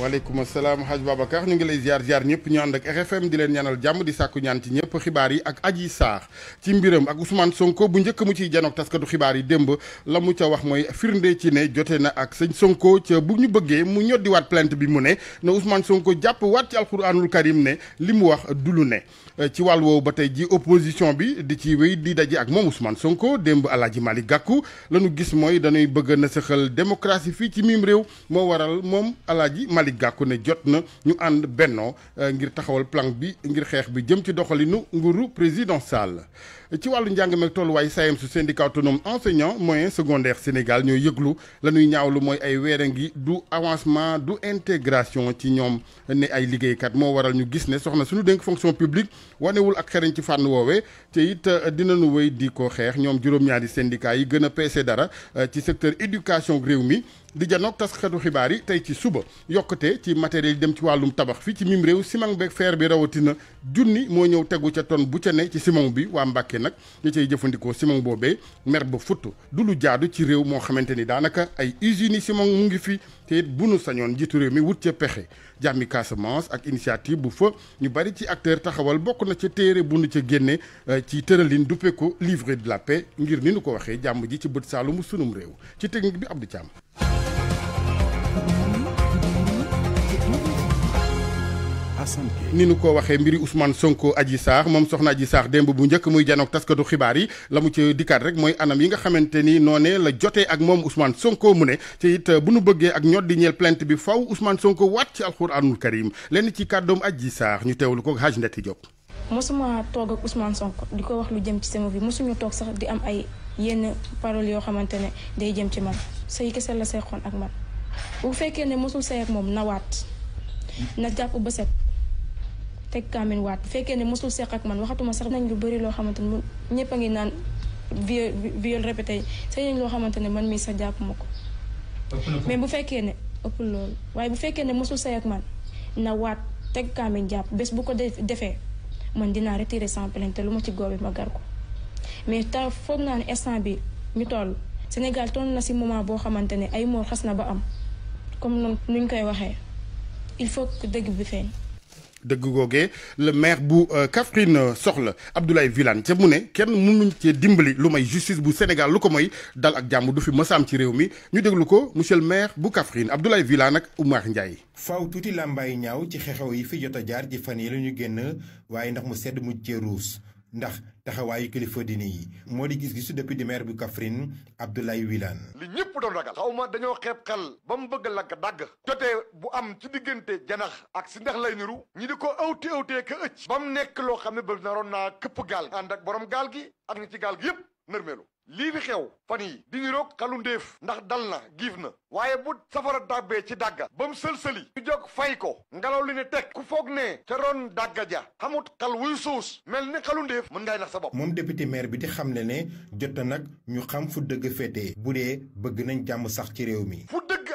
waaleykum salaam haj Babacar ñu ngi lay ziar ziar ñëpp ñu ànd ak RFM di leen ñanal jàmm di sàkku ñaan ci ñëpp xibaar yi ak Adji Sarr ci mbiram ak Ousmane Sonko bu njëkk mu ciy janoog taskatu xibaar yi démb la mu ca wax mooy firnde ci ne jote na ak sañ Sonko ca bu ñu bëggee mu ñoddiwaat plainte bi mu ne ne Ousmane Sonko jàpp waat ci alxuraanul karim ne li mu wax du lu ne ci wàll woowu ba tey ji opposition bi di ci wéy di daje ak moom Ousmane Sonko démb Alaaji Malick Gakou la ñu gis mooy dañuy bëgg na saxal démocratie fii ci miim réew moo waral moom Alaaji Malick Gakou ne jotna ñu euh, plan syndicat autonome enseignant moyen secondaire Sénégal ñaawlu ay avancement du intégration ci ay waral fonction publique ak euh, syndicat euh, secteur éducation di janoog taskatu xibaar yi tey ci suba yokkute ci matériel yi dem ci wàllum tabax fii ci mim réew ciment beeg fer bi rawatina junni moo ñëw tegu ca tonne bu ca ne ci simon bi waa Mbàkke nag ñi cay jëfandikoo ciment boobee mer ba futt du lu jaadu ci réew moo xamante ni daanaka ay usines yi ciment mu ngi fi te bu nu sañoon jiitu réew mi wut ca pexe jàmmi Casamance ak initiative bu fa ñu bari ci acteur taxawal bokk na ca téere bu nu ca génne euh, ci tëralin duppe ko livre de la ngir ni ko waxee jàmm ji ci bët saalumu sunum réew ci technique bi Abdou Thiam Assane ni nu ko waxee mbiri Ousmane Sonko Adji Sarr moom soxna Adji Sarr démb bu njëkk muy janook taskatu xibaar yi la mu ci dikkaat rek mooy anam yi nga xamante ni noonee la jotee ak moom Ousmane Sonko mu ne te it bu nu bëggee ak ñot di ñeel plainte bi faw usman Sonko waat ci alxuraanul karim lenn ci kàddoom Adji Sarr ñu teewlu ko Hadj Ndeti Diop mosuma toog ak Ousmane sonk di ko wax lu jëm ci sama vie mosuñu toog sax di am ay yenn paroles yoo xamante ne day jëm ci man say kese la say ak man bu fekkee ne mosul say moom nawaat na jàpp ba set teg kaamin waat bu fekkee ne mosul seq ak man waxatuma sax nañ lu bëri loo xamante ne ñëpp a ngi naan viol viol répété sax nañ loo xamante ne man mii sax jàpp ma ko. mais bu fekkee ne ëpp loolu waaye bu fekkee ne mosul say ak man na waat teg kaamin jàpp bés bu ko defee man dinaa retirer sans te lu ma ci góobee ma gar ko mais ta foog naa ne instant bi ñu toll Sénégal ton na si moment boo xamante ne ay moor xas na ba am comme noonu nuñ koy waxee il faut que bi feeñ. dëgg googee le maire bu euh, Kaffrine euh, soxla Abdoulaye Wilane ca mu ne kenn mënuñ cee dimbali lu may justice bu Sénégal lu ko mooy dal ak jàmm du fi mësaam ci réew mi ñu déglu ko monsieur le maire bu Kaffrine Abdoulaye Wilane ak Oumar Ndiaye. faw tuuti làmbaay ñaaw ci xew yi fi jot a jaar ci fan yi la ñu génn waaye ndax mu sedd mu cee ruus. ndax taxawaayu kilifa diine yi moo di gis-gisu député maire bu Kaffrine Abdoulaye Wilane li ñëpp doon ragal xaw dañoo xeeb xel ba mu bëgg lakk dagg jotee bu am ci diggante janax ak si ndax lay niru ñu di ko awte awtee ka ëcc ba mu nekk loo xam ne ba naroon naa këpp gaal ànd ak borom gaal gi ak ñi ci gaal gi yëpp nërmeelu lii fi xew fan yi di niroog ndax dal na giif na waaye bu safara dàbbee ci dàgga ba mu sël-sëli ñu fay ko ngelaw li ne teg ku foog ne ca ron dàgga ja xamut xal wuy suus mel ni xalu ndéef mën ngay nax sa bopp moom député maire bi di xam ne ne jot na nag ñu xam fu dëgg féete bu dee bëgg nañ jàmm sax ci réew mi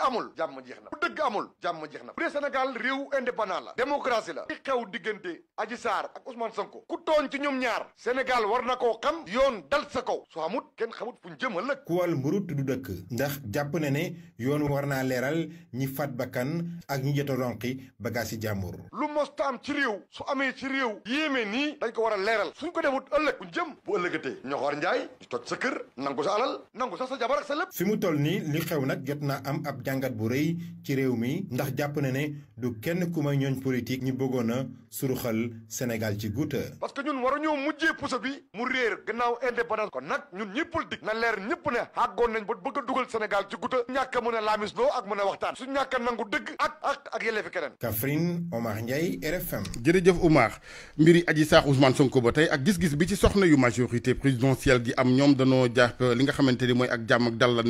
amul jàmm jeex na bu dëgg amul jàmm jeex na bu dee Sénégal réew indépendant la démocratie la li xew diggante Adji Sarr ak Ousmane Sonko ku tooñ ci ñoom ñaar Sénégal war na koo xam yoon dal sa kaw su amut kenn xamut fu ñu jëmal la ku wal mburut du dëkk ndax jàpp na ne yoon war naa leeral ñi faat bakkan ak ñi jot a ronqi bagaas yi jàmbur lu mosta am ci réew su amee ci réew yéeme nii dañ ko war a leeral suñ ko defut ëllëg ku jëm bu ëllëgatee ñoxoor njaay di toj sa kër nangu sa alal nangu sa jabar ak sa mu toll nii li xew nag jot naa am ab jàngat bu rëy ci réew mi ndax jàpp na ne du kenn ku may ñooñ politique ñi bëggoon a suruxal Sénégal ci guuta parce que ñun waruñoo mujjee puso bi mu réer gannaaw indépendance kon nag ñun ñi politique na leer ñëpp ne àggoon nañ ba bëgg a dugal Sénégal ci guuta ñàkk a mën a laamisloo ak mën a waxtaan su ñàkk nangu dëgg ak ak ak yelleefi keneen Kaffrine Omar Ndiaye RFM jërëjëf Omar mbiri aji saax Ousmane Sonko ba tey ak gis-gis bi ci soxna yu majorité présidentielle gi am ñoom danoo ni mooy ak jàmm ak dal la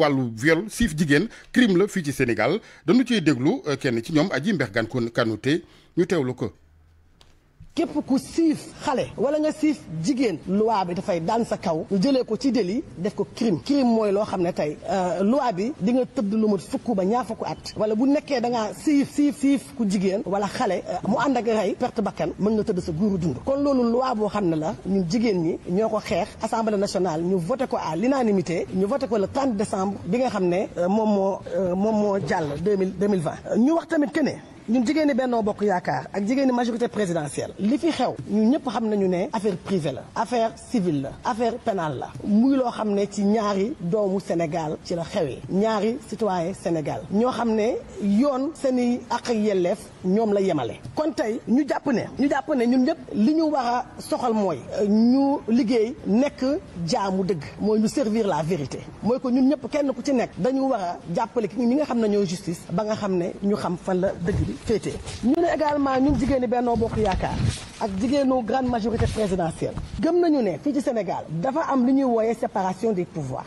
wàllu viol sif jigéen crime la fi ci Sénégal dañu ciy déglu euh, kenn ci ñom aji mbex gan Kanouté ñu tewlu ko. képp ku siif xale wala nga siif jigéen loi bi dafay daan sa kaw ñu jëlee ko ci délit def ko crime crime mooy loo xam ne tey euh, loi bi di nga tëdd lu mat fukk ba ñaar fukk at wala bu nekkee da ngaa siif siif siif ku jigéen wala xale euh, mu ànd ak rey perte bakkan mën nga tëdd sa guuru dund kon loolu loi boo xam ne la ñun jigéen ñi ñoo ko xeex assemblée national ñu voté ko à l'unanimité ñu voté ko le 30 décembre bi nga xam ne euh, moom moo moom moo jàll 2020 ñu wax tamit que ne ñun jigéeni Benno Bokk ak majorité présidentielle li fi xew ñun ñëpp xam ne affaire privée affaire civile la affaire pénale la muy loo xam ne ci ñaari doomu Sénégal ci la xewee ñaari Sénégal ñoo xam yoon Nous ak yelleef ñoom la yemale kon tey ñu jàpp ne ñu jàpp ne ñun ñëpp li ñu war soxal mooy euh, ñu liggéey nekk jaamu dëgg ñu servir la vérité Nous ko ñun ñëpp Nous ku ci nekk dañu war a ki ñi nga xam Nous ñooy justice ba nga xam ñu xam la dëgg bi que ñu sommes également ñun jigéeni Benno Bokk nous ak une grande majorité présidentielle nous, nañu ne fii ci Sénégal dafa am lu ñuy séparation des pouvoirs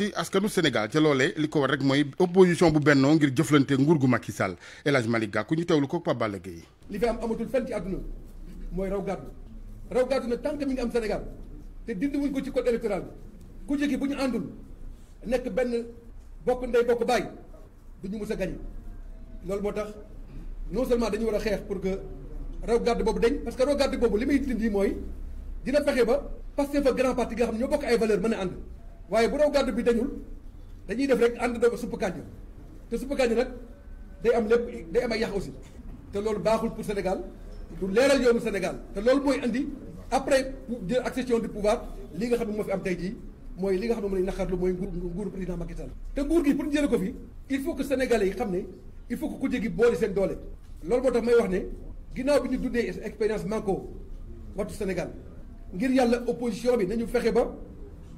xalaati askanu Sénégal ca loolee li war rek moy opposition bu benno ngir jëflante nguur gu Macky Sall El Hadj Malick Gakou ñu teewlu ko Pape Balla Gueye li fi am amatul fenn ci àdduna mooy raw gàddu raw gàddu nag tant mi ngi am Sénégal te dindi wuñ ko ci code électoral ku jëkki buñu andul nek nekk benn bokk ndey bokk bay duñu ñu mës lol motax non seulement dañu wara xex pour que raw gàddu bobu deñ parce que raw gàddu bobu limay muy dindi mooy dina fexé ba parce que fa grand parti nga xam ne ñoo bokk ay valeur mën and waaye bu daw gàddu bi dañul dañuy def rek ànd doo supp kànja te supp kànja nag day am lépp day am ay yax aussi te loolu baaxul pour Sénégal du leeral yoonu Sénégal te loolu mooy andi après de accession du pouvoir li nga xam ne moo fi am tey jii mooy li nga xam ne mooy naqarlu mooy nguur nguuru président Macky Sall te nguur gi pour ñu jële ko fi il faut que sénégalais yi xam ne il faut que kuje gi boole seen doole loolu moo tax may wax ne ginnaaw bi ñu dundee expérience manko wattu Sénégal ngir yàlla opposition bi nañu fexe ba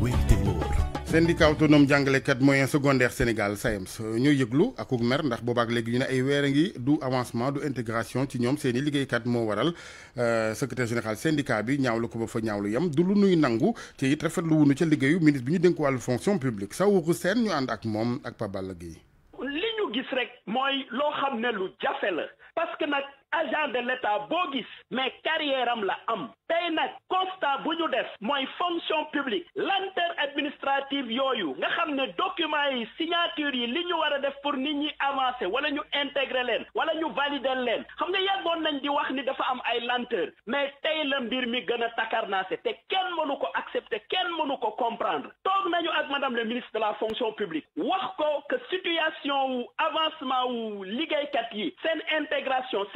wóor syndicat autonome jàngalekat moyen secondaire Sénégal SAEMS ñoo yëglu akuk mer ndax boobaak léegi ñu ne ay weer du avancement du intégration ci ñoom seen i liggéeykat moo waral euh, secrétaire général syndicat bi ñaawlu ko ba fa ñaawlu yam du lu nuy nangu te it rafetlu wunu ca liggéeyu ministre bi ñu dénk wàllu fonction publique Saourou seen ñu ànd ak moom ak Pabal Guèye. li ñu gis rek mooy loo xam lu jafe la parce que nag agent de l'État bogus, mais carrière am la am tey constat vous def moy fonction publique l'inter administrative yoyu nga xamné document documents yi signature yi liñu wara avancées, def pour nit ñi avancer wala ñu intégrer leen wala ñu valider leen xam nga yàggoon nañ di wax ni dafa am ay lenteur mais tay la mbir mi gëna takarnacé té kenn mënu ko accepter kenn mënu ko comprendre tok nañu ak madame le ministre de la fonction publique wax ko que situation ou avancement ou?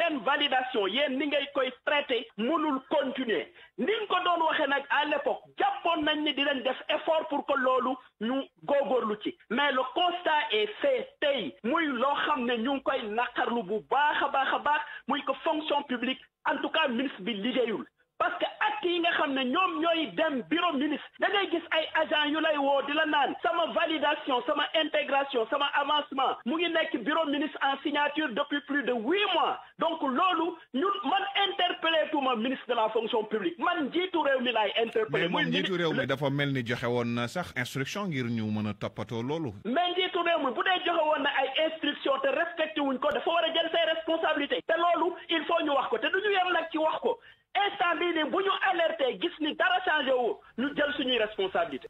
seen validation yéen ni ngay koy traité mënul mais njiitu réew mi dafa mel ni joxe woon na sax instruction ngir ñu mën a toppatoo loolu mais njiitu réew mi bu dee joxe woon na ay instruction te respecté ko dafa war a jël say responsabilité te loolu il faut ñu wax ko te duñu yem nag ci wax ko instant bii nii bu ñu alerté gis ni dara changé wu ñu jël suñuy responsabilité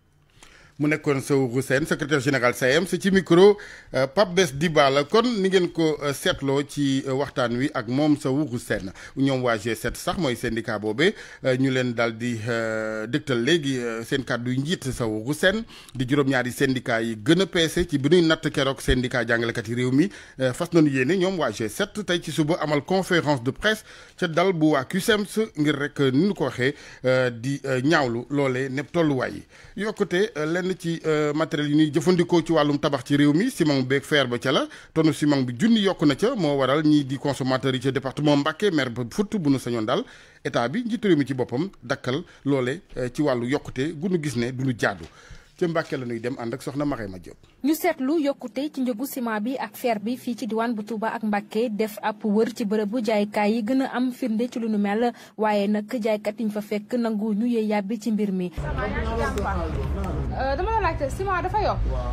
mu nekkoon Saourou Sène secrétaire général SAEMS e ci micro euh, Pape Bess Dibala kon ni ngeen ko euh, seetloo ci euh, waxtaan wi ak moom Saourou Sène ñoom waa G7 sax mooy syndicat boobe ñu leen daal di dëgtal léegi seen kàddu yu njiit Saourou Sène di juróom-ñaari syndicat yi gën a peese ci bi ñuy natt keroog syndicat jàngalekat yi réew mi fas nañu yéene ñoom waa G7 tey ci suba amal conférence de presse ca dal bu waa CUSEMS ngir rek ni ñu ko waxee di ñaawlu loolee nepp tolluwaay yi yokkute leen lenn ci euh, matériel yi ñuy jëfandikoo ci wàllum tabax ci réew mi ciment beeg feer ba ca la tonu ciment bi junni yokk na ca moo waral ñii di consommateurs yi ca département Mbacké maire ba futt bu nu sañoon daal état bi njiitu réew mi ci boppam dakkal loole euh, ci wàllu yokkute gu nu gis ne du lu jaadu ca Mbàkke la nuy dem ànd ak soxna ma Diop ñu seetlu yokkute ci njëgu ciment bi ak fer bi fii ci diwaan bu Touba ak Mbàkke def ab wër ci bërëbu jaaykaay yi gën a am firnde ci lu nu waaye nag jaaykat yi ñu fa fekk nangu ñu yee yàbbi ci mbir mi dama la laajte ciment dafa yokk. waaw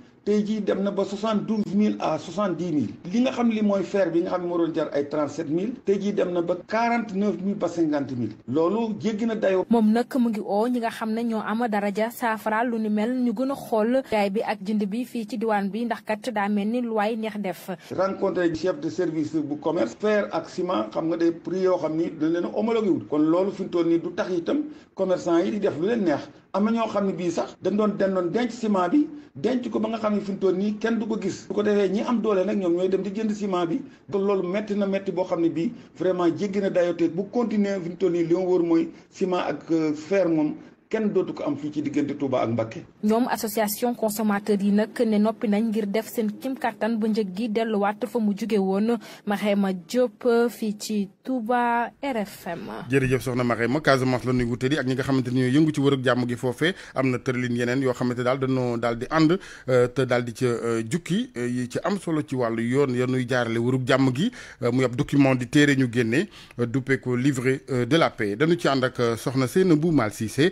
tey jii dem na ba soixante douze mille à soixante dix mille li nga xam li mooy fer bi nga xam ne moo doon jar ay trente sept mille tey dem na ba quarante neuf mille ba cinquante mille loolu jéggi na dayoo. moom nag mu ngi oo ñi nga xam ne ñoo am daraja saafara lu ni mel ñu gën a xool jaay bi ak jënd bi fii ci diwaan bi ndax kat daa mel ni lu waay neex def. rencontré chef de service bu commerce fer ak ciment xam nga day prix yoo xam ni dañ leen a homologué wul kon loolu fi mu toll nii du tax itam commerçant yi di def lu leen neex. am na ñoo xam ne bii sax dañ doon den doon denc ciment bi denc ko ba nga xam ne fi mu nii kenn du ko gis su ko defee ñi am doole nag ñoom ñooy dem di jënd ciment bi loolu metti na metti boo xam ne bii vraiment jéggi na dayoo bu continuer fi mu nii li ma wóor mooy ciment ak euh, fer moom kenn dootu ko am fii ci diggante Touba ak Mbakke. ñoom association consommateurs yi nag ne noppi nañ ngir def seen kim kattan ba njëg gi delluwaat fa mu jóge woon Maxema Diop fii ci Touba RFM. jërëjëf soxna Maxema Casamance la nuy wutali ak ñi nga xamante ni ñooy yëngu ci wërëg jàmm gi foofee am na tëralin yeneen yoo xamante daal dañoo daal di ànd euh, te daal di ca euh, jukki euh, yi ci am solo ci wàllu yoon nuy jaarale wërëg jàmm gi muy ab document di téere ñu génnee duppee ko livret de dañu ci ànd ak soxna Seynabou Mal Cissé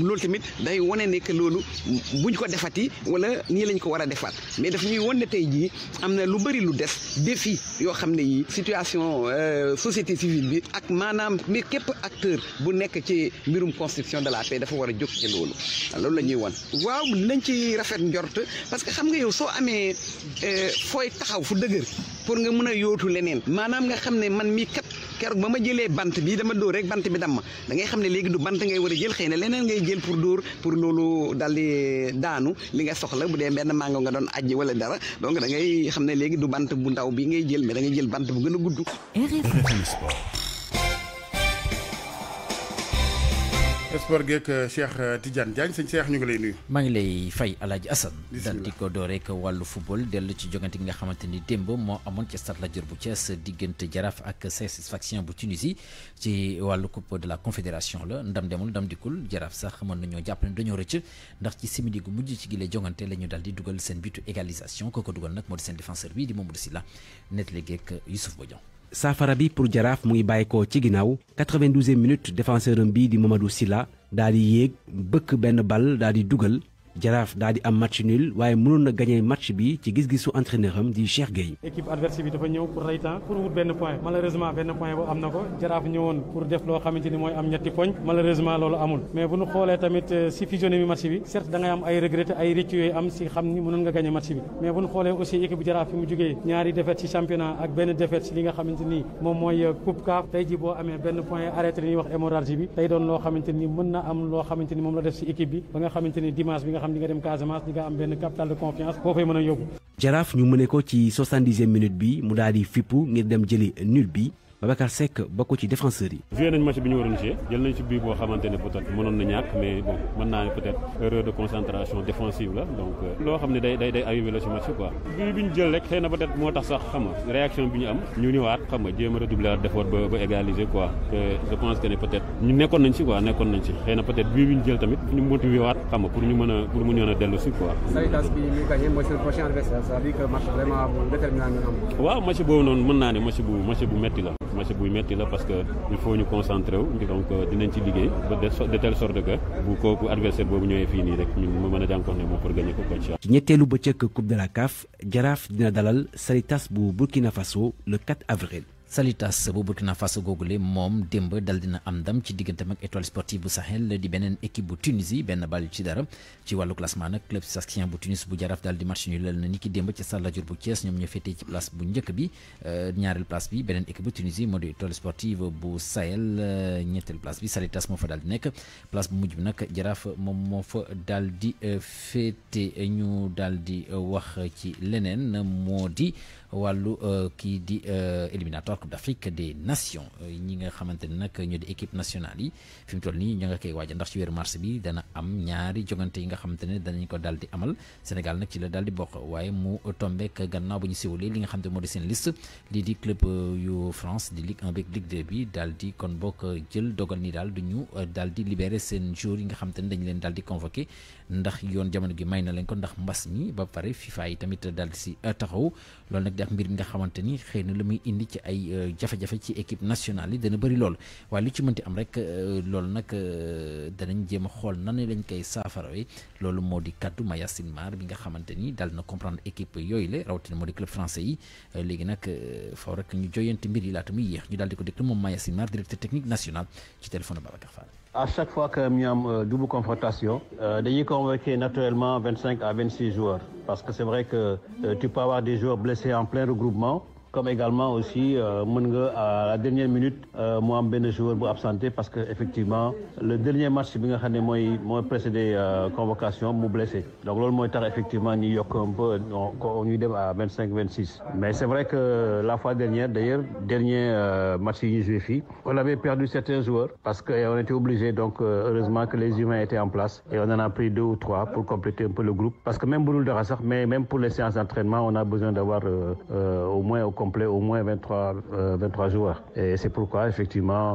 loolu tamit day wane ne que loolu buñ ko defati wala nii lañ ko war a defaat mais daf ñuy wan ne tey jii am na lu bëri lu des défi yoo xam ne yii situation euh, société civile bi ak maanaam mi képp acteur bu nekk ci mbirum construction de la paix dafa war a jóg ci loolu loolu la ñuy wan waaw nañ ci rafet njort parce que xam nga yow soo amee euh, fooy taxaw fu dëgër pour nga mën a yootu leneen maanaam nga xam ne man mii kat keroog ba ma jëlee bant bi dama dóor rek bant bi damm da ngay xam ne léegi du bant ngay war a jël xëy na leneen ngay jël pour dóor pour loolu daal di daanu li nga soxla bu dee benn mango nga doon ajji wala dara donc da ngay xam ne léegi du bant bu ndaw bi ngay jël mais da jël bant bu gën a gudd sport que euh, Cheikh euh, Tidiane Diagne sëñ Cheikh ñu ngi lay nuyu. maa ngi lay fay aladji Hadj Assane. dal di ko door rek walu football dellu ci jogante nga xamanteni ni mo amone ci stade la Dior bu Thiès diggante jaraf ak Satisfaction bu Tunisie ci walu coupe de la confédération la ndam demul ndam dikkul jaraf sax mën nañoo jàpp ne dañu recc ndax ci simili gu mujj ci gile jongante la ñu daal di duggal sen but égalisation kooko dugal nag moo di seen défenseur bi di Mamadou Sylla nettali geek Youssouf Bodian. Safarabi pour Giraffe, mu ngi 92e minute défenseur Rumbi di Mamadou Silla, daal di yéeg bal daal jaraaf daal di am match nul waaye mënoon na gagné match bi ci gis-gisu entraîneur di Cheikh Gueye. équipe adverse bi dafa ñëw pour rey pour wut benn point malheureusement benn point boo am na ko jaraaf ñëwoon pour def loo xamante ni mooy am ñetti poñ tey ji boo amee benn point arrêté li ñuy wax hémorragie bi tey doon loo xamante mën na am loo xamante moom la def si équipe bi ba nga xamante ni bi xam di nga dem Casamance di nga am benn capital de confiance boo fay mën a yóbbu. jaraaf ñu mëne ko ci 70e minute bi mu daal di fippu ngir dem jëli nul bi. Babacar Seck bokk ci défenseurs yi. joué nañ match bi ñu waroon joué jël nañ ci bi bo xamante ne peut-être mënoon na ñak mais bon mën naa peut-être erreur de concentration défensive la donc euh, lo xamni day day day arrivé la ci match quoi. bii bi ñu jël rek xëy peut-être motax sax xam nga réaction bi ñu am ñu ñëwaat xam nga jéem a redoubler waat ba ba égaliser quoi te je pense que ne peut-être ñu nekkoon nañ ci quoi nekkoon nañ ci xëy peut-être bii bi ñu jël tamit ñu motivé waat xam nga pour ñu mëna pour mu ñëw delu ci quoi say tas bi ñu gagné mooy seen prochain adversaire cest à que match vraiment déterminant nga am. waaw match boobu non mën naa ne match bu match bu metti la match buy metti la parce que il faut ñu concentré wu donc euh, dinañ ci liggéey ba de telle sorte que bu koku adversaire boobu ñëwee fii nii rek ñun mu mën a pour gagner ko coach ci ñetteelu bëccëg coupe de la CAF jaraaf dina dalal saritas bu Burkina Faso le 4 avril Salitas bu Burkina Faso googule moom démb dal dina am ndam ci diggante ak étoile sportive bu Sahel di beneen équipe bu Tunisie benn bal ci dara ci wàllu classement nag club saskien bu Tunis bu jaraaf daal di match ñu lal na ni ki démb ci Stade Lat Dior bu Thiès ñoom ñoo féetee ci place bu njëkk bi euh, ñaareel place bi beneen équipe bu Tunisie moo di étoile sportive bu Sahel euh, ñetteel place bi Salitas moo fa daal di nekk place bu mujj bi nag jaraaf moom moo fa daal di euh, féete ñu daal di wax ci leneen moo di. wàllu euh, ki di euh, éliminatoire Coupe d'Afrique des Nations euh, ñi nga xamantene nak ñu di équipe nationale yi fi toll ni ña nga koy waaja ndax ci wër mars bi dana am ñaari jogante yi nga xamantene ne danañ ko daldi amal Sénégal nak ci la daldi bok waye mu mu tombeek gannaaw bu ñu siwalee li nga xamantene modi sen liste li di club yu France di Ligue 1 beeg Ligue 2 bi daldi kon bok jël dogal ni dal duñu daldi libérer sen libéré jour yi nga xamantene dañ leen daldi convoquer ndax yoon jamono gi may na leen ko ndax mbass mi ba paré FIFA yi tamit daldi ci taxaw loolu nag ak mbir mi nga xamante ni xëy na lu muy indi ci ay euh, jafe-jafe ci équipe nationale yi dana bëri lool waaye lu ci mënti am rek euh, loolu nag euh, danañ jéem a xool nan lañ koy saafarawee loolu moo di kaddu Mayacine Mar bi nga xamante ni daal na comprendre équipe yooyu la rawatina moo di club français yi léegi nag faw rek ñu joyante mbir yi laata muy yéex ñu daal di ko déglu moom Mayacine Mar directeur technique national ci téléphone Babacar Fall. à chaque fois que a une euh, double confrontation, euh, y convoquer naturellement 25 à 26 joueurs. Parce que c'est vrai que euh, tu peux avoir des joueurs blessés en plein regroupement comme également aussi euh, à la dernière minute euh, mu am ben joueur pour absenté parce que effectivement le dernier match bi nga xam moy moy précédé euh, convocation m'a blessé donc loolu moy tax effectivement New York un peu à 25-26 mais c'est vrai que la fois dernière d'ailleurs dernier match yi ñu joué on avait perdu certains joueurs parce qu'on était obligé donc heureusement que les humains étaient en place et on en a pris deux ou trois pour compléter un peu le groupe parce que même de mais même pour les séances d'entraînement on a besoin d'avoir au moins au moins complet au moins 23, 23 euh, joueurs. Et c'est pourquoi, effectivement,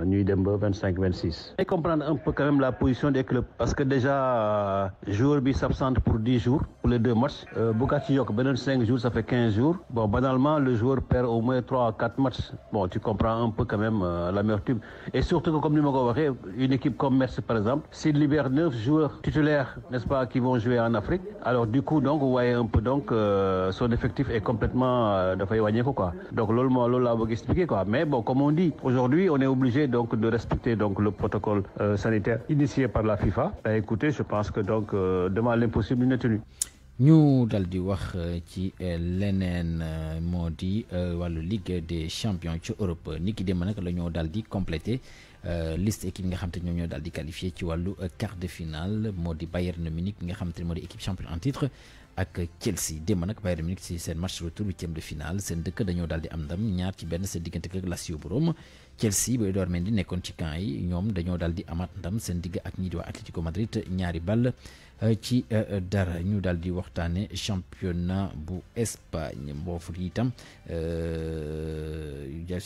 euh, Nuit 25-26. Et comprendre un peu quand même la position des clubs. Parce que déjà, euh, joueur bi s'absente pour 10 jours, pour les deux matchs. Euh, Bukati 5 jours, ça fait 15 jours. Bon, banalement, le joueur perd au moins 3 à 4 matchs. Bon, tu comprends un peu quand même la l'amertume. Et surtout comme nous m'avons une équipe comme Metz, par exemple, s'il libère 9 joueurs titulaires, n'est-ce pas, qui vont jouer en Afrique, alors du coup, donc, vous voyez un peu, donc, son effectif est complètement de faillite wàññeeku quoi donc lolo lolo loolu expliqué quoi mais bon comme on dit aujourd'hui on est obligé donc de respecter donc le protocole euh, sanitaire initié par la FIFA bah, écoutez je pense que donc euh, demain l'impossible n'est tenu ñu dal di wax euh, ci lenen modi walu Ligue des champions ci Europe Niki ki démb lañu la ñoo liste équipe nga xam te ñoo di ci walu quart de finale modi Bayern Munich nga xam te modi équipe champion en titre ak Chelsea démb nag Bayern Munich ci seen match retour huitième de finale seen dëkk dañoo daal di am ndam ñaar ci benn seen diggante ak Lazio bu Rome Chelsea ba Edouard Mendy nekkoon ci camp yi ñoom dañoo daal di amaat ndam seen digg ak ñii di waa Atlético Madrid ñaari ball Euh, ci euh, euh, dara ñu daldi waxtane championnat bu Espagne itam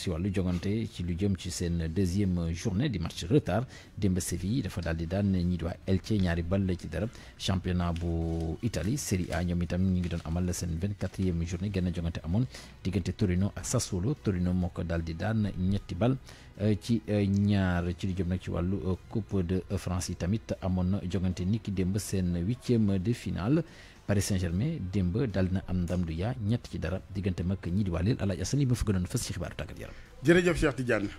walu jogante ci lu jëm ci deuxième journée di match retard Séville dafa ñi ñaari ci championnat bu Italie Serie A journée Torino Sassuolo Torino Moko Daldi Euh, ci euh, ñaar ci li jëm nag ci wàllu euh, coupe de France yi tamit amoon na jogante ni ki démb seen huitième de finale Paris Saint-Germain démb dal na am ndam du yaa ñett ci dara diggante mag ñi di wàllil El Hadj Assane yi ma fa gënoon fës ci xibaaru tàggat yaram. jërëjëf Cheikh Tidiane.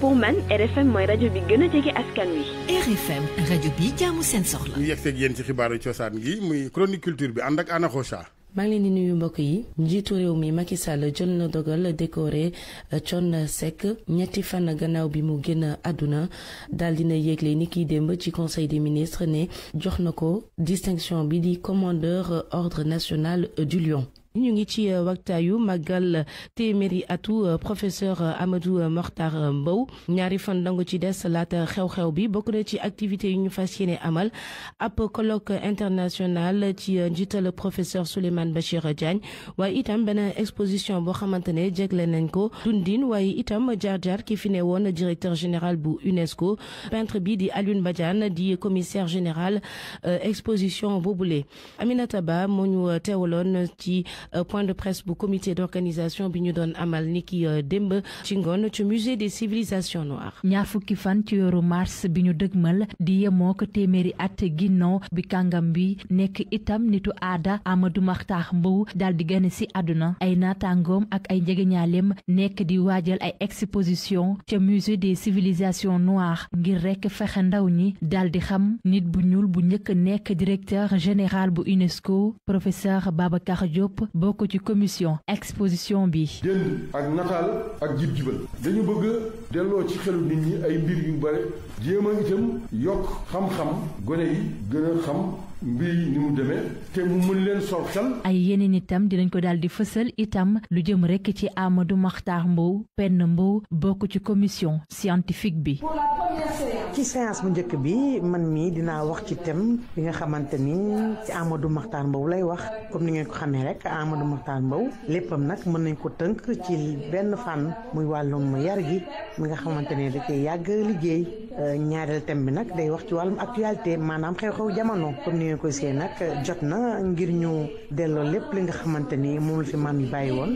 pour man RFM mooy rajo bi gën a jege askan wi. RFM rajo bi jaamu seen soxla. ñu yegg seeg ci xibaaru cosaan gi muy chronique culture bi ànd ak Anna Malinini ngi Njitureumi, Makisale, nuyu mbokk yi njiitu réew mi Macky Sall na dogal décoré euh, Thione sec, ñetti fan gannaaw bi mu génn àdduna dina conseil des ministres né jox distinction bi commandeur euh, ordre national du Lion ñu ngi ci euh, waxtaayu magal téméri atu euh, professeur euh, Amadou Mortar Mbow ñaari fan dangu ci des laata xew-xew bi bokku na ci activité yu ñu fas amal ap colloque international ci le professeur Souleymane Bachir Diagne way itam ben exposition bo xamante jéglé nañ ko dundin way itam jar jar ki fi ne directeur général bu UNESCO peintre bi di Alioune Badiane di commissaire général exposition boobule Aminata Ba mo ñu teewaloon ci euh, point de presse bu comité d'organisation bi amal ni ki Chingon euh, ci ci musée des civilisations noires. ñaar fukki fan ci yoru mars biñu deugmal di yemoo ko at ginnaaw bi kangam bi nek itam nitu ada, Amadou Mahtar mbou daal di gane ci aduna ay natangom ak ay njegeñaaleem nek di waajal ay exposition ci musée des civilisations noires ngir rek fexe ndaw ñi daal di xam nit bu ñuul bu ñëk nek directeur général bu UNESCO professeur Babacar Diop bokku ci commission exposition bi. dënd ak natal ak jib dañu bëgg delloo ci xelu nit ñi ay mbir yu bare jéem a itam yokk xam-xam gone yi gën a xam. mbir ni mu demee te mu mën leen sortal ay yeneen itam dinañ ko daal di fësal itam lu jëm rekk ci Amadou Makhtar Mbow Penn Mbow bokk ci commission scientifique bi ci séance bu njëkk bi man mii dinaa wax ci thème bi nga xamante ni ci Amadou Makhtar Mbow lay wax comme ni ngeen ko xamee rek Amadou Makhtar Mbow léppam nag mën nañ ko tënk ci benn fànn muy wàllum yar gi mi nga xamante ne da cee yàgg liggéey ñaareel thème bi nag day wax ci wàllum actualité maanaam xew-xew jamono comme ni ngeen koy jot na ngir ñu delloo lépp li nga xamante ni moom la fi maam yi bàyyi woon.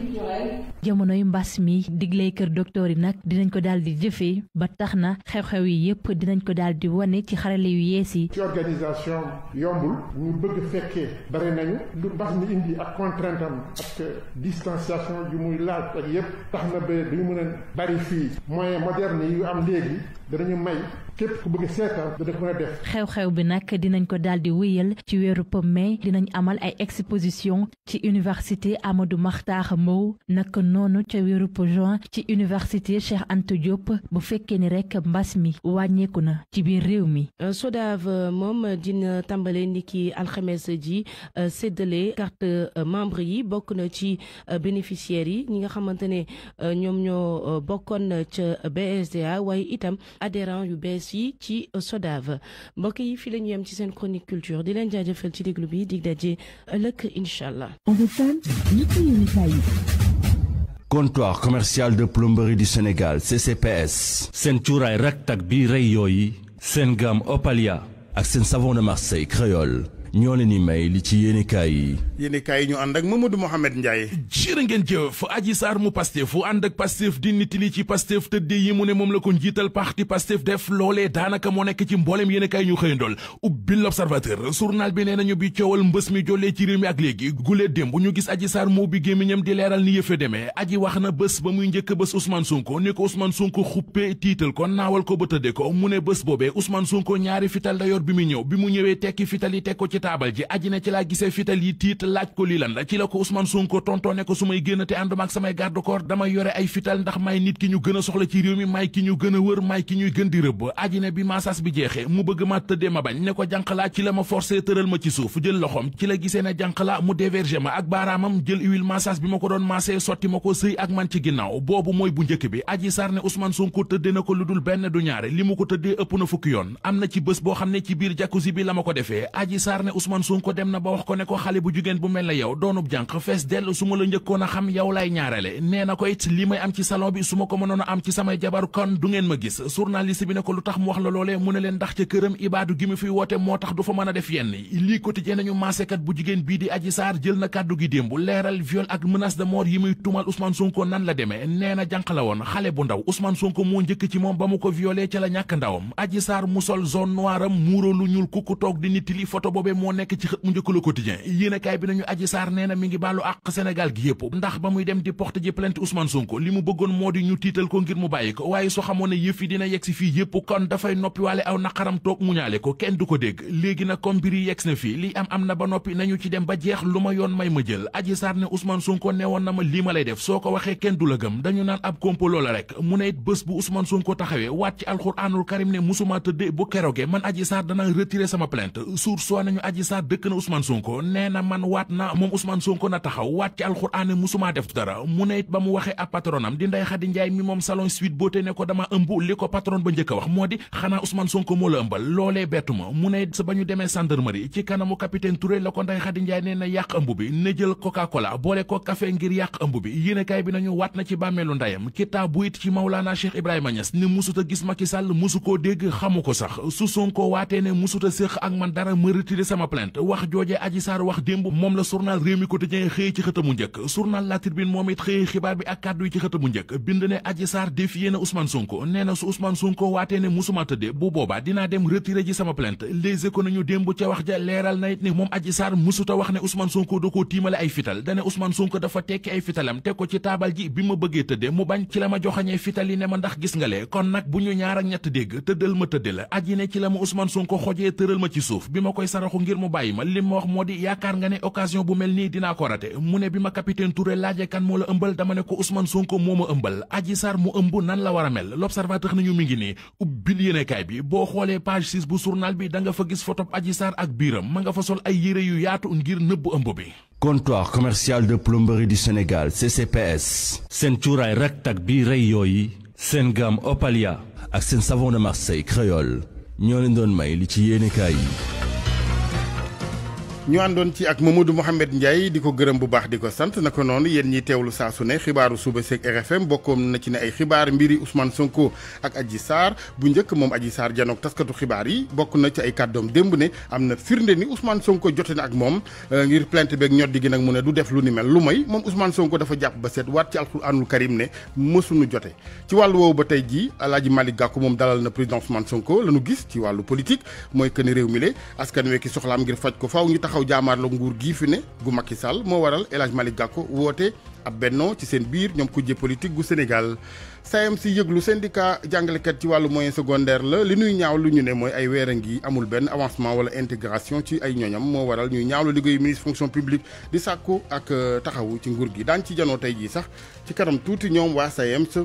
jamonoy mbas mi digley kër docteur yi nag dinañ ko daal di jëfee ba tax na xew-xew yi yëpp dinañ ko daal di wane ci xarale yu yees yi. ci organisation yombul ñu bëgg fekkee bare nañu lu mbas mi indi ak contrainte am ak distanciation ju muy laaj ak yëpp tax na ba duñu mën a bari fii moyen moderne yu am léegi. danañu may képp ku bëgg seetaan dana ko def. xew-xew bi nag dinañ ko daal di wéyal ci weeru mai dinañ amal ay exposition ci université Amadou Mahtar Mbow naka noonu ca weeru juin ci université Cheikh Anta Diop bu fekkee ni rek mbas mi wàññeeku na ci biir réew mi. Euh, SODAV euh, moom dina tàmbale ni ki alxames ji euh, séddale carte membre yi bokk na ci bénéficiaires yi ñi nga xamante ne ñoom ñoo bokkoon na ca BSDA waaye itam. Adhérents you bees SODAV mbokk yi fi la ñu yem ci sen chronique culture di leen jaajëfal ci déglu bi dig daje Inshallah. comptoir commercial de plomberie du Sénégal CCPS. touray cuuraay raktak bi rey yooyu. gamme Opalia. ak savon de Marseille créole. ñoo leen di may li ci yéenekaay yi. yéenekaay yi ñu ànd ak Mamadou Mouhamed Ndiaye. jërë ngeen jëf Adji Sarr mu Pastef fu ànd ak Pastef di nit li ci Pastef tëddee yi mu ne moom la ko njiital parti Pastef def loolee daanaka moo nekk ci mbooleem yéenekaay ñu xëy ndool ubbi l'Observateur journal bi nee nañu bi coowal mbës mi jollee ci réew mi ak léegi dem démb ñu gis Adji Sarr moo bi gémmiñam di leeral ni yëfe demee aji wax na bés ba muy njëkk bés Ousmane Sonko ni ko Ousmane Sonko xuppee tiital ko naawal ko ba tëddee ko mu boobee Ousmane Sonko ñaari fital da bi mu ñëw bi mu ñëwee tekki fital yi teg ko ci taabal ji aji ne ci laa gisee fital yi tiit laaj ko lii lan la ci la ko Ousmane Sonko tontoo ne ko su may génn te ànduma ak samay garde corps damay yore ay fital ndax may nit ki ñu gën a soxla ci réew mi may ki ñu gën a wër may ki ñuy gën di rëbb aji ne bi maasas bi jeexee mu bëgg ma tëddee ma bañ ne ko jànqalaa ci la ma forcé tëral ma ci suuf jël loxoom ci la gisee ne jànqalaa mu dévergé ma ak baaraamam jël huile massage bi ma ko doon massé sotti ma ko sëy ak man ci ginnaaw boobu mooy bu njëkk bi aji sar ne Ousmane Sonko tëddee na ko lu dul benn du ñaare li mu ko tëddee ëpp na fukki yoon am na ci bés xam ne ci biir jacuzzi bi la ma ko defee Ousmane Sonko dem na ba ko ne ko xale bu jigéen bu mel dell su ma la njëkkoon a xam yow lay ñaarale nee na ko it li am ci salon bi su ma ko mënoon a am ci samay jabar kon du ngeen ma gis journaliste bi ne wax la loolee leen ndax ca këram ibaadu gi mu fiy woote moo tax du fa mën a def yenn lii quotidien nañu maasekat bu jigéen bii di Adji Sarr jël na kàddu gi démb leeral viol ak menace de mort yi muy tumal Ousmane nan la demee nee na jànq la woon xale bu ndaw Ousmane Sonko moo njëkk ci moom ba mu ko violé ca la ñàkk ndawam Adji Sarr mu sol zone noiram muuro lu ñuul kukku toog di nit li photo boobee moo nekk ci xët mu njëkk ko Quotidien yéenekaay bi nañu Adji Sarr nee na mi ngi baalu àq Sénégal gi yëpp ndax ba muy dem di porte ji plainte Ousmane Sonko li mu bëggoon moo di ñu tiital ko ngir mu bàyyi ko waaye soo xamoon ne yëf yi dina yegg fii yëpp kon dafay noppi waale aw naqaram toog mu ñaale ko kenn du ko dégg léegi nag comme mbir yi yegg na fii li am am na ba noppi nañu ci dem ba jeex lu ma yoon may ma jël Adji Sarr ne Ousmane Sonko newoon na ma lii ma lay def soo ko waxee kenn du la gëm dañu naan ab complot la rek mu ne it bés bu Ousmane Sonko taxawee waat ci alxuraanul karim ne musuma tëddee bu keroge man Adji Sarr dana retirer sama plainte sour soo nañu Adji Sarr dëkk na Ousmane Sonko nee na man waat na moom Ousmane Sonko na taxaw waat ci alxuraan ne musuma def dara mu ne it ba mu waxee ab patronam di Ndeye Khady Ndiaye mi moom salon suite boote ne ko dama ëmb li ko patron ba njëkk a wax moo di xanaa Ousmane Sonko moo la ëmbal loolee bettu ma mu ne sa ba ñu demee gendarmerie ci kanamu capitaine Touré la ko Ndeye Khady Ndiaye nee na yàq ëmb bi ne jël coca cola boole ko café ngir yàq ëmb bi yéenekaay bi na ci bàmmeelu ndeyam kittaa bu it ci Mawlana Cheikh Ibrahima Niass ne musuta gis Macky Sall musu koo dégg xamu ko sax su Sonko waatee ne musuta séq ak man dara ma retiré sama plainte wax jooje Adji Sarr wax démb moom la journal Rewmi Quotidien xëye ci xët amu njëkk journal La Tribune moom it xëye xibaar bi ak kàddu yi ci xët amu njëkk bind ne Adji Sarr na Ousmane Sonko nee na su Ousmane Sonko waatee ne musuma tëdde bu boobaa dinaa tiimale ay fital dane Ousmane Sonko dafa tekki ay fitalam teg ko ci taabal ji bi ma bëggee tëdde mu bañ ci la ma joxañee fital ne ma ndax gis kon nag bu ñu ñaar ñett dégg tëddal ma tëdde la ngir mu bàyyi ma li ma wax moo di yaakaar nga ne occasion bu mel nii dinaa ko rate mu ne bi ma capitaine Touré laajee kan moo la ëmbal dama ne ko Ousmane Sonko moo ma ëmbal Adji Sarr mu ëmb nan la war a mel l'observateur nañu mi ngi nii ubbil yéenekaay bi boo xoolee page 6 bu journal bi danga fa gis photo Adji Sarr ak biiram ma nga fa sol ay yére yu yaatu ngir nëbb ëmb bi comptoir commercial de plomberie du Sénégal CCPS seen cuuraay raktak bi rey yooyu seen gamme Opalia ak seen savon de Marseille créole ñoo leen doon may li ci yéenekaay yi ñu àndoon ci ak Mamadou Mouhamed Ndiaye di ko gërëm bu baax di ko sant na ko noonu yéen ñiy teewlu saa su ne xibaaru suba seeg RFM bokkoon na ci ne ay xibaar mbiri Ousmane Sonko ak Adji Sarr bu njëkk moom Adji Sarr janoog taskatu xibaar yi bokk na ci ay kàddoom démb ne am na firnde ni Ousmane Sonko jote na ak moom euh, ngir plainte beeg ñoddi gi nag mu ne du def lu ni mel lu may moom Ousmane Sonko dafa jàpp ba seet waat ci alxuraanul karim ne mësuñu jote ci wàllu woowu ba tey jii Alaaji Malick moom dalal na président Ousmane Sonko la ñu gis ci wàllu politique mooy que ni réew mi askan wee ki soxlaam ngir ko faaw ñu tax taxaw jaamaarloo nguur gii fi ne gu makki Sall moo waral El Hadj Malick Gakou woote ab bennoo ci seen biir ñoom kujje politique gu Sénégal SAEMS yëglu syndicat jàngalekat ci wàllu moyen secondaire la li nuy ñaaw lu ñu ne mooy ay weer a ngi amul benn avancement wala intégration ci ay ñoñam moo waral ñuy ñaawlu liggéeyu ministre fonction publique di sàkku ak euh, taxaw ci nguur gi daan ci janoo tey jii sax ci kanam tuuti ñoom waa SAEMS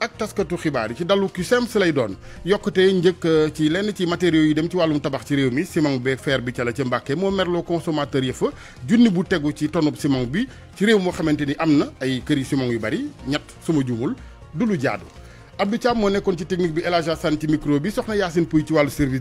ak taskatu xibaar yi ci dalu CUSEMS lay doon yokkute njëkk euh, ci lenn ci matériaux yi dem ci wàllum tabax ci réew mi ciment beeg feer bi ca la ca Mbàkke moo merloo consommateur yi fa junni bu tegu ci tonub simon bi ci réew moo xamante ni am na ay këri ciment yu bari ñett suma juumul du lu jaadu Abdou Thiam moo nekkoon ci technique bi El Hadj Assane ci micro bi soxna Yacine Pouy ci wàllu service